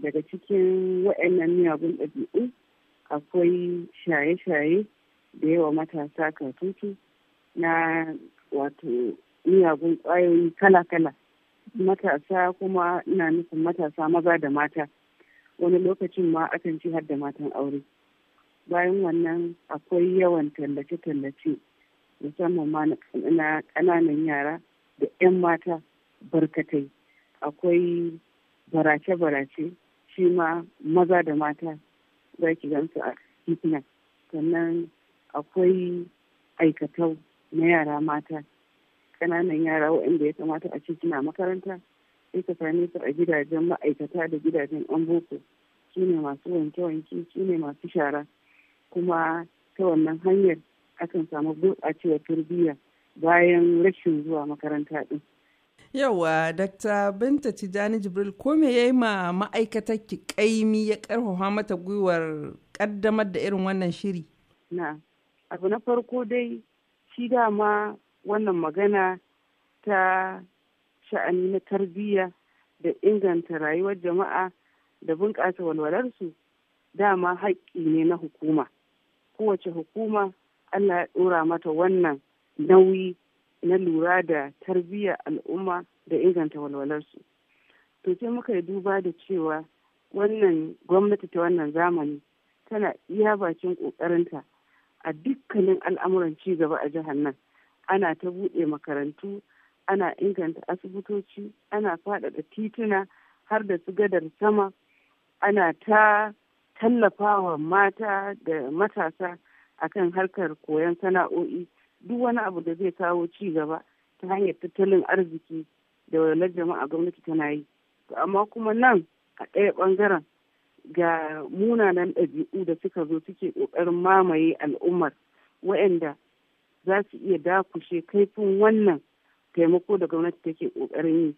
daga cikin waɗannan miyagun ɗabi'u akwai shaye-shaye da yawa matasa katutu na wato miyagun ƙwayoyi kala-kala matasa kuma na nufin matasa maza da mata wani lokacin ma akan ci har da matan aure bayan wannan akwai yawan tallace-tallace musamman ma na ƙananan yara da 'yan mata barkatai akwai barace-barace shi ma maza da mata za ki gansu a titina sannan akwai aikatau na yara mata ƙananan yara waɗanda ya kamata a ce makaranta sai ka same su a gidajen ma'aikata da gidajen an boko shi ne masu wanke-wanke shi ne masu shara kuma ta wannan hanyar akan samu gurɓacewar turbiya bayan rashin zuwa makaranta ɗin Yawa, Dr. Binta Tijani Jibril, ko me ya yi ma ma'aikatar ki kaimi ya karfafa mata gwiwar kaddamar da irin wannan shiri? Na, abu na farko dai shi dama wannan magana ta sha'ani na tarbiyya da inganta rayuwar jama'a da bunƙasa walwalarsu dama haƙƙi ne na hukuma. Kowace hukuma Allah ya ɗora mata wannan nauyi na lura da tarbiyyar al'umma da inganta walwalarsu. To sai muka yi duba da cewa wannan gwamnati ta wannan zamani tana iya bakin ƙoƙarinta a dukkanin al'amuran ci gaba a jihar nan. Ana ta buɗe makarantu, ana inganta asibitoci, ana faɗaɗa tituna har da su gadar sama, ana ta tallafawa mata da matasa akan harkar koyon sana'o'i. duk wani abu da zai kawo ci gaba ta hanyar tattalin arziki da walwalar jama'a gwamnati tana yi to amma kuma nan a ɗaya ɓangaren ga munanan ɗabi'u da suka zo suke ƙoƙarin mamaye al'ummar waɗanda za su iya dakushe kaifin wannan taimako da gwamnati take ƙoƙarin yi